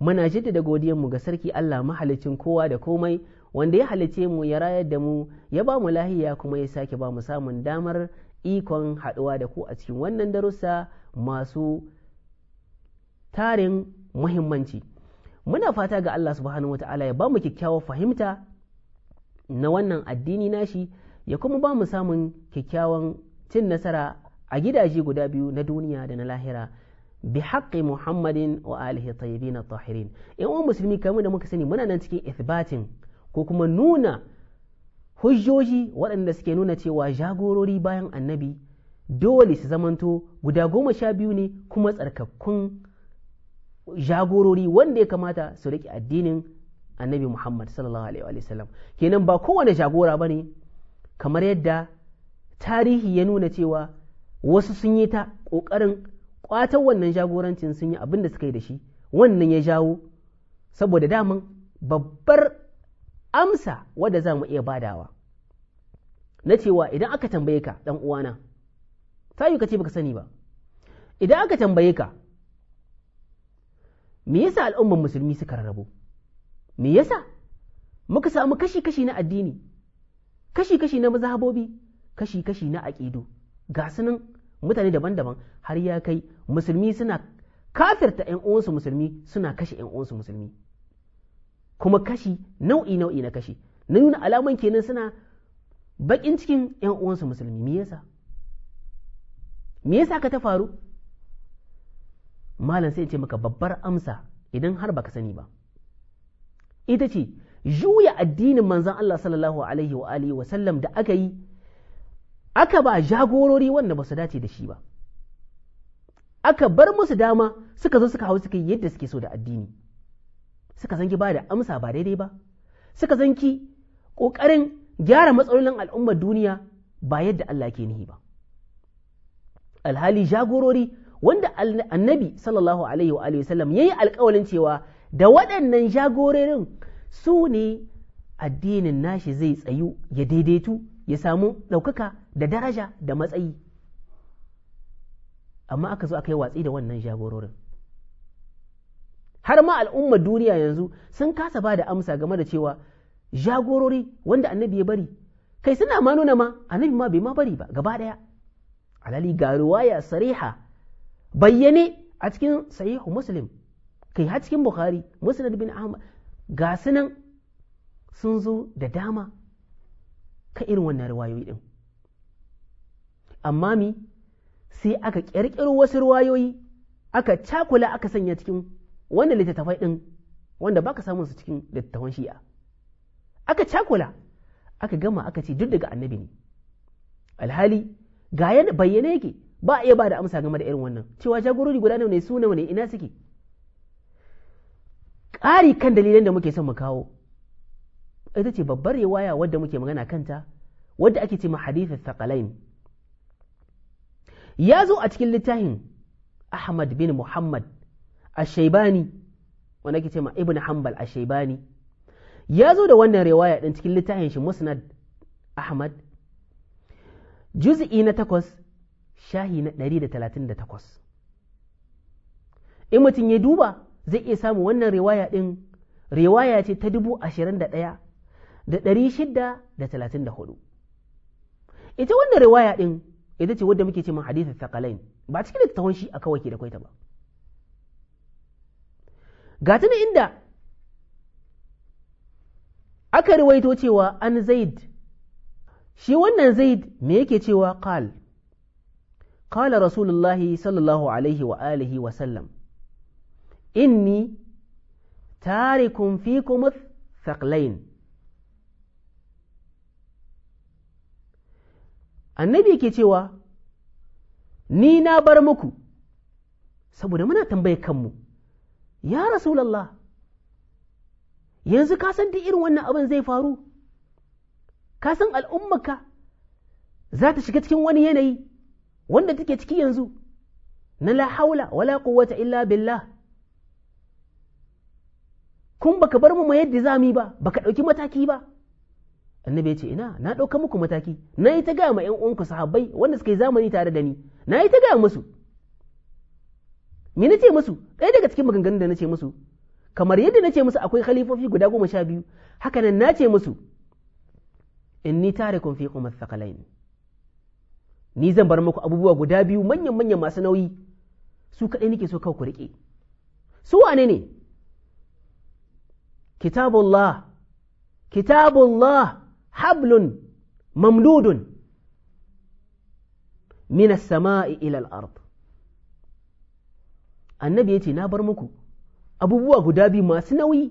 muna jaddada mu ga sarki Allah mahalicin kowa da komai wanda ya halice mu ya rayar da mu ya ba mu lahiya kuma ya sake ba mu samun damar ikon haɗuwa da ku a cikin wannan darussa masu tarin muhimmanci muna fata ga Allah subhanahu wata'ala ya ba mu kyakkyawar fahimta na wannan addini nashi ya kuma ba mu samun kyakkyawan cin nasara a gidaje guda biyu na duniya da na lahira bi haqqi muhammadin wa alihi tayyibin tahirin in uwan musulmi kamar da muka sani muna nan cikin ithbatin ko kuma nuna hujjoji waɗanda suke nuna cewa jagorori bayan annabi dole su zamanto guda goma sha biyu ne kuma tsarkakkun jagorori wanda ya kamata su riƙe addinin annabi muhammad sallallahu alaihi wa sallam kenan ba kowane jagora ba ne kamar yadda tarihi ya nuna cewa wasu sun yi ta ƙoƙarin ƙwatar wannan jagorancin sun yi abin da suka yi da shi wannan ya jawo saboda daman babbar amsa wadda za mu iya badawa na cewa idan aka tambaye ka ɗan uwana ta yi kace baka sani ba idan aka tambaye ka me yasa al'umman musulmi suka rarrabu me yasa muka samu kashi-kashi na addini kashi-kashi na mazhabobi kashi-kashi na aƙidu ga sunan mutane daban-daban har ya kai musulmi suna kafirta ‘yan uwansu musulmi suna kashe ‘yan uwansu musulmi kuma kashi nau'i nau'i na kashi na nuna alaman kenan suna bakin cikin ‘yan uwansu musulmi me yasa me yasa ka ta faru malam sai ce maka babbar amsa idan har baka sani ba ita ce juya addinin manzon Allah sallallahu alaihi wa alihi wa sallam da aka yi aka ba jagorori wanda ba su dace da shi ba aka bar musu dama suka zo suka hau suka yi yadda suke so da addini suka zangi ba da amsa ba daidai ba suka zanki ƙoƙarin gyara matsalolin al'ummar duniya ba yadda Allah ke nihi ba alhali jagorori wanda annabi sallallahu alaihi wa alihi sallam yayi alƙawalin cewa da waɗannan jagororin su ne addinin nashi zai tsayu ya daidaitu ya samu ɗaukaka da daraja da matsayi amma aka zo aka yi watsi da wannan jagororin har ma al'ummar duniya yanzu sun kasa ba da amsa game da cewa jagorori wanda annabi ya bari kai suna ma nuna ma annabi ma bai ma bari ba gaba ɗaya alali ga ruwaya sariha bayyane a cikin sahihu muslim kai har cikin bukhari musnad bin ahmad ga sunan sun zo da dama ka irin wannan ruwayoyi ɗin amma mi sai aka ƙirƙiro wasu riwayoyi aka cakula aka sanya cikin wannan littattafai ɗin wanda baka samun su cikin littattafan shi'a aka cakula aka gama aka ce duk daga annabi ne alhali ga yana bayyana yake ba a iya ba da amsa game da irin wannan cewa jagorori guda nawa ne su nawa ne ina suke ƙari kan dalilan da muke son mu kawo ita ce babbar riwaya wadda muke magana kanta wadda ake ce ma hadith thaqalain ya zo a cikin littafin Ahmad bin Muhammad Ash-Shaybani wanda ake ce ma Ibn Hanbal Ash-Shaybani ya zo da wannan riwaya din cikin littafin shi Musnad Ahmad juz'i na takwas shahi na 138 in mutum ya duba zai iya samu wannan riwaya din riwaya ce ta dubu ashirin da ɗaya da ɗari shidda da talatin da hudu ita wannan riwaya ɗin ita ce wadda muke ce man hadithin thaqalain ba cikin littattafan shi a kawai ke da kwaita ba ga tuna inda aka riwaito cewa an zaid shi wannan zaid me yake cewa qal qala rasulullahi sallallahu alaihi wa alihi wa sallam inni tarikum fikum thaqlain annabi yake cewa ni na bar muku saboda muna tambaye kanmu ya rasulallah yanzu ka san duk irin wannan abin zai faru ka san al'ummaka za ta shiga cikin wani yanayi wanda take ciki yanzu na la haula wala quwwata illa billah kun baka bar mu yadda za mu yi ba baka ɗauki mataki ba annabi ya ce ina na ɗauka muku mataki na yi ta gaya ma 'yan uwanku sahabbai wanda suka yi zamani tare da ni na yi ta gaya musu me na ce musu ɗaya daga cikin maganganun da na ce musu kamar yadda na ce musu akwai khalifofi guda goma sha biyu haka nan na ce musu tare kun fi kuma sakalain. ni zan bar muku abubuwa guda biyu manyan manyan masu nauyi su kaɗai nake so kawai ku riƙe su wane ne kitabullah kitabullah hablun mamdudun mina samai ilal art. ard annabi yace na bar muku abubuwa guda biyu masu nauyi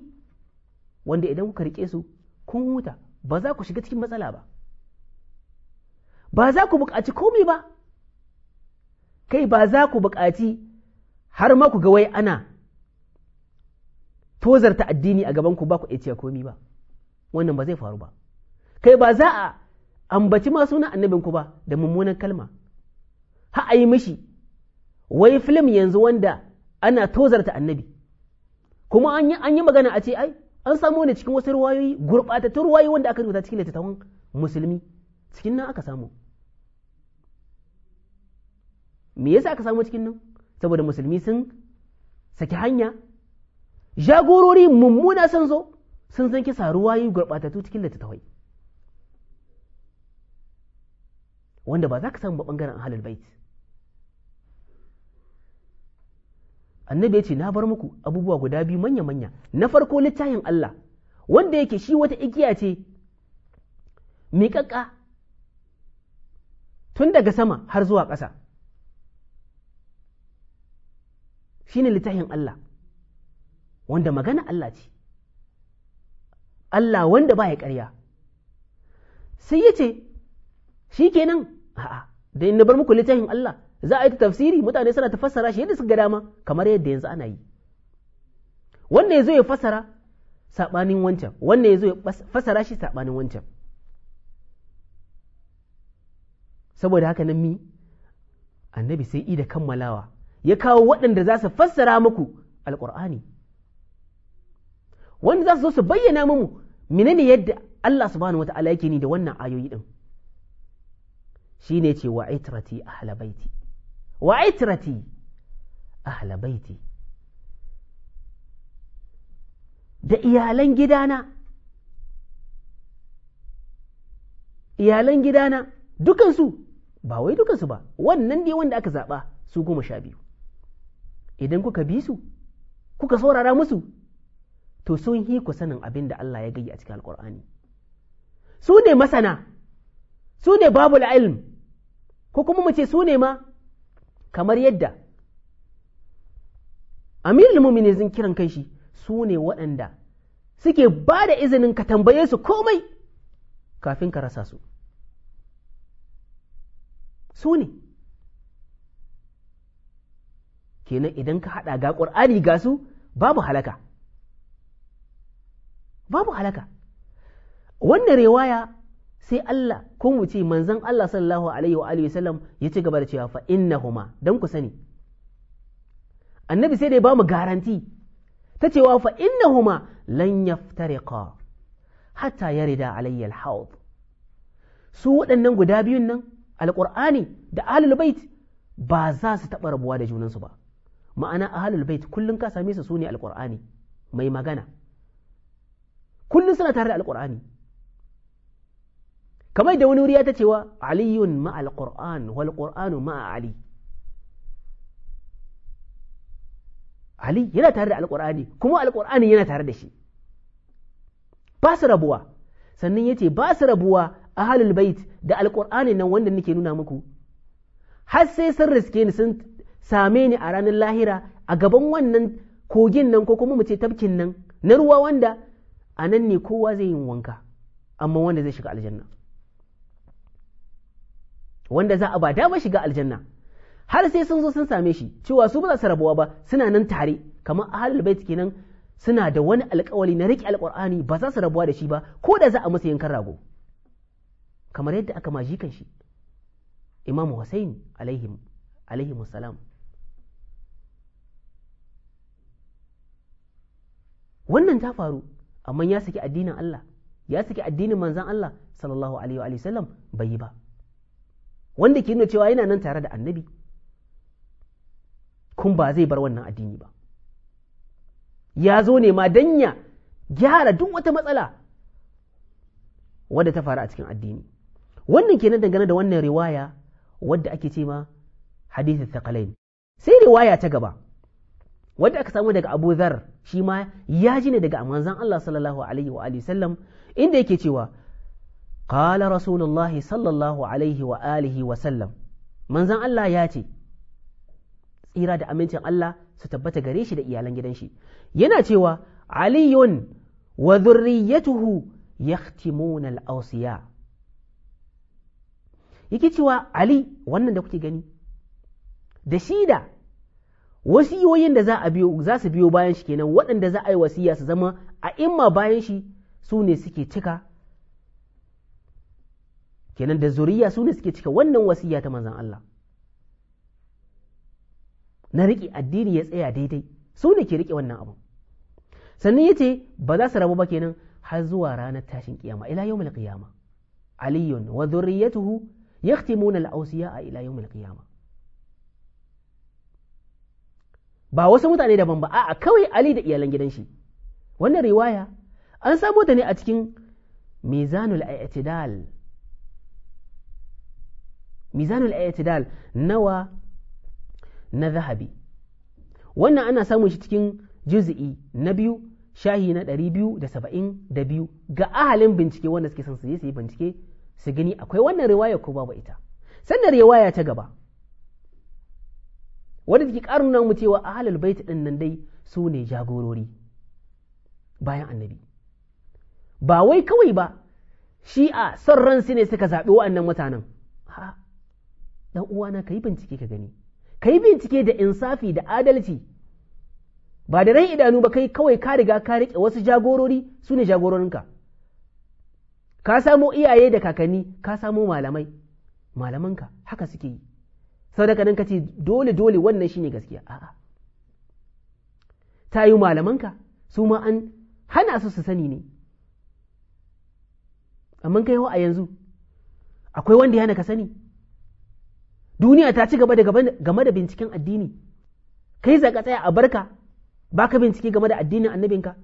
wanda idan kuka riƙe su kun huta ba ku shiga cikin matsala ba ba za ku buƙaci komai ba kai ba za ku buƙaci har maku ga wai ana tozarta addini a gaban ku ba ku iya komai ba wannan ba zai faru ba kai ba za a ambaci ma sunan annabinku ba da mummunan kalma ha a yi mishi wai film yanzu wanda ana tozarta annabi kuma an yi magana a ce ai an samu ne cikin wasu ruwayoyi gurɓatattun ruwayoyi wanda aka rubuta cikin littattafan musulmi cikin nan aka samu me yasa aka samu cikin nan saboda musulmi sun saki hanya jagorori mummuna sun zo sun san kisa ruwayoyi gurɓatattu cikin littattafai wanda ba za ka samu ba bangaren halin bait annabi ya ce na bar muku abubuwa guda biyu manya-manya na farko littafin Allah wanda yake shi wata igiya ce miƙaƙa tun daga sama har zuwa ƙasa shi ne littafin Allah wanda magana Allah ce Allah wanda ba ya ƙarya sai ya ce shi kenan a'a da in bar muku littafin Allah za a yi tafsiri mutane suna ta fassara shi yadda suka ga dama kamar yadda yanzu ana yi ya yazo ya fassara sabanin wancan ya yazo ya fassara shi sabanin wancan saboda haka nan mi annabi sai ida kammalawa ya kawo waɗanda za su fassara muku alƙur'ani wanda za su zo su bayyana mu menene yadda Allah subhanahu wata'ala yake ni da wannan ayoyi din shi ne ce wa aitrati ahla baiti wa aitrati da iyalan gidana iyalan gidana dukansu ba wai dukansu ba wannan ne wanda aka zaba su goma sha biyu idan kuka bi su kuka saurara musu to sun yi ku sanin abin da Allah ya gayi a cikin alkur'ani su ne masana su ne babu ilm ko kuma mu ce su ne ma kamar yadda amirul mumini zan kiran kai shi su ne waɗanda suke ba da izinin ka tambaye su komai kafin ka rasa su su ne kenan idan ka haɗa ga ƙur'ani ga su babu halaka babu halaka wannan rewaya sai Allah ko mu ce manzon Allah sallallahu alaihi wa alihi wasallam ya ci gaba da cewa fa innahuma dan ku sani annabi sai dai ba mu garanti ta cewa fa innahuma lan yaftariqa hatta yarida alayya al su waɗannan guda biyun nan alqur'ani da ahlul bait ba za su taɓa rabuwa da junansu ba ma'ana ahlul bait kullun ka same su sune alqur'ani mai magana kullun suna tare da alqur'ani kamar da wani wuri ya ta cewa aliyun ma'al qur'an wal qur'anu ma'a ali ali yana tare da alqur'ani kuma alqur'ani yana tare da shi ba su rabuwa sannan yace ba su rabuwa ahlul bait da alqur'ani nan wanda nake nuna muku har sai sun riske ni sun same ni a ranar lahira a gaban wannan kogin nan ko kuma mu ce tafkin nan na ruwa wanda a nan ne kowa zai yin wanka amma wanda zai shiga aljanna wanda za a ba dama shiga aljanna har sai sun zo sun same shi cewa su ba rabuwa ba suna nan tare kamar ahlul bait kenan suna da wani alƙawari na riƙe alƙur'ani ba za su rabuwa da shi ba ko da za a musu yankan rago kamar yadda aka maji kan shi imam Hussein alaihim salam wannan ta faru amma ya saki addinin Allah ya saki addinin manzon Allah sallallahu alaihi wa sallam bai yi ba wanda ke nuna cewa yana nan tare da annabi kun ba zai bar wannan addini ba ya zo ne ma danya gyara duk wata matsala wadda ta faru a cikin addini wannan ke nan dangane da wannan riwaya wadda ake ce ma ta thaqalain sai riwaya ta gaba wadda aka samu daga Abu Dharr shi ma ya ji ne daga manzon Allah sallallahu alaihi wa alihi sallam inda yake cewa qala rasulullahi sallallahu alaihi wa alihi wa sallam manzan Allah ya ce tsira da amincin Allah su tabbata gare shi da iyalan gidan shi yana cewa aliyun wa zurriyatuhu yahtimuna al-awsiya yake cewa ali wannan da kuke gani da shi da wasiyoyin da za za su biyo bayan shi kenan waɗanda za a yi wasiya su zama a imma bayan shi su ne suke cika kenan da zuriya su ne suke cika wannan wasiya ta manzan Allah na riƙe addini ya tsaya daidai su ne ke riƙe wannan abu sannan ya ce ba za su rabu ba kenan har zuwa ranar tashin kiyama ila yawmul qiyama aliyun wa dhurriyyatuhu muna al a ila yawmul qiyama ba wasu mutane daban ba a'a kawai ali da iyalan gidan shi wannan riwaya an samo ta ne a cikin mizanul i'tidal mizanul i'tidal nawa na zahabi wannan ana samun shi cikin juz'i na biyu shahi na da da saba'in biyu ga ahalin bincike wanda suke son su je su bincike su gini akwai wannan riwaya ko babu ita sannan riwaya ta gaba wanda take ƙarin nuna mu cewa ahalul bait din nan dai su ne jagorori bayan annabi ba wai kawai ba shi'a son ran su ne suka zaɓi wa'annan mutanen ɗan uwana ka yi bincike ka gani ka yi bincike da insafi da adalci ba da rai idanu ba kai kawai ka riga ka riƙe wasu jagorori su ne jagororinka ka samo iyaye da kakanni ka samo malamai malamanka haka suke yi sau da kanin ka ce dole dole wannan shine gaskiya a'a ta yi malamanka su ma an hana su su sani ne amma kai a yanzu akwai wanda ya hana ka sani duniya ta ci gaba da game da binciken addini kai zaka tsaya a barka ba ka bincike game da addinin annabinka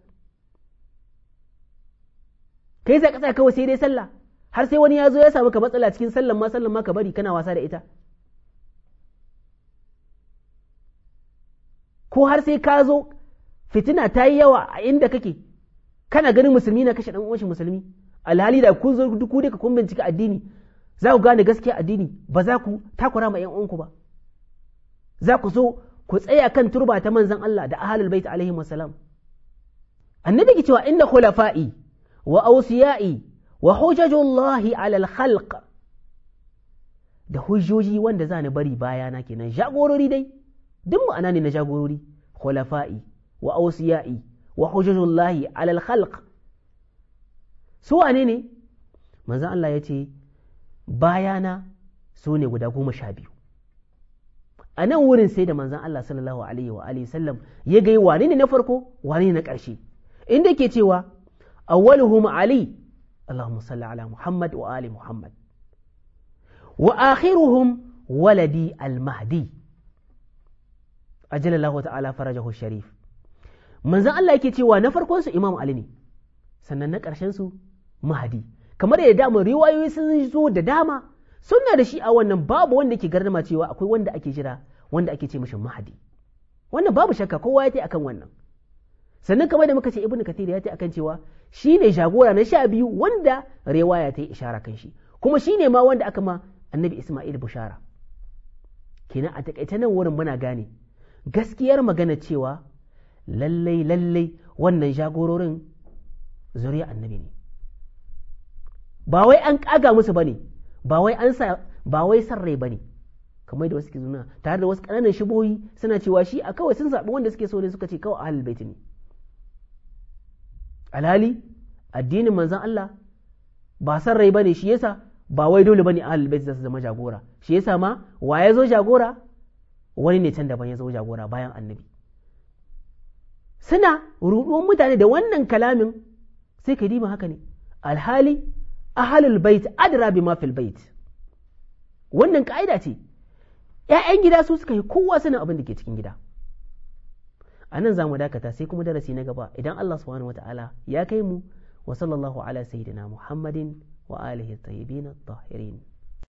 kai zaka tsaya kawai sai dai sallah har sai wani ya zo ya samu ka matsala cikin sallan ma sallan ma ka bari kana wasa da ita ko har sai ka zo fitina ta yi yawa a inda kake kana ganin musulmi na kashe dan uwan musulmi alhali da kun zo duk duka kun bincike addini za ku gane gaskiya addini ba za ku takura ma 'yan uwanku ba za ku so ku tsaya kan turba ta manzan Allah da ahalul bait alaihi wasalam annabi ke cewa inna khulafa'i wa awsiya'i wa hujajullahi ala al-khalq da hujjoji wanda za bari bari bayana kenan jagorori dai duk ma'ana ne na jagorori khulafa'i wa awsiya'i wa hujajullahi ala al-khalq su wane ne manzan Allah ya ce bayana su ne guda goma sha biyu a nan wurin sai da manzan Allah sallallahu alaihi wa alihi sallam ya gai wane ne na farko wane ne na ƙarshe inda ke cewa awwaluhum ali Allahumma salli ala Muhammad wa ali Muhammad wa akhiruhum waladi al-mahdi ajalallahu ta'ala farajahu sharif manzan Allah yake cewa na farkon su Imam Ali ne sannan na ƙarshen su Mahdi kamar da dama riwayoyi sun zo da dama suna da shi a wannan babu wanda ke gardama cewa akwai wanda ake jira wanda ake ce mashi mahadi wannan babu shakka kowa ya ce akan wannan sannan kamar da muka ce ibnu kathir ya ce akan cewa shine jagora na sha biyu wanda riwaya ta yi ishara kan shi kuma shine ma wanda aka ma annabi isma'il bushara kenan a takaice nan wurin muna gane gaskiyar magana cewa lallai lallai wannan jagororin zuriya annabi ne ba wai an kaga musu bane ba wai an sa ba wai san rai bane kamar da wasu ke zuna tare da wasu kananan shiboyi suna cewa shi a kawai sun zaɓi wanda suke so ne suka ce kawai ahlul bait ne alhali addinin manzon Allah ba san rai bane shi yasa ba wai dole bane ahlul bait su zama jagora shi yasa ma wa ya zo jagora wani ne can daban ya zo jagora bayan annabi suna ruɗuwan mutane da wannan kalamin sai ka dima haka ne alhali ahalul bait adra bima fil bait wannan ka'ida ce ‘ya'yan gida su suka yi kowa sanin abin da ke cikin gida a nan za mu dakata sai kuma darasi na gaba idan Allah subhanahu wata'ala ya kai mu wa sallallahu ala sayyidina muhammadin wa alihi tayyibin tahirin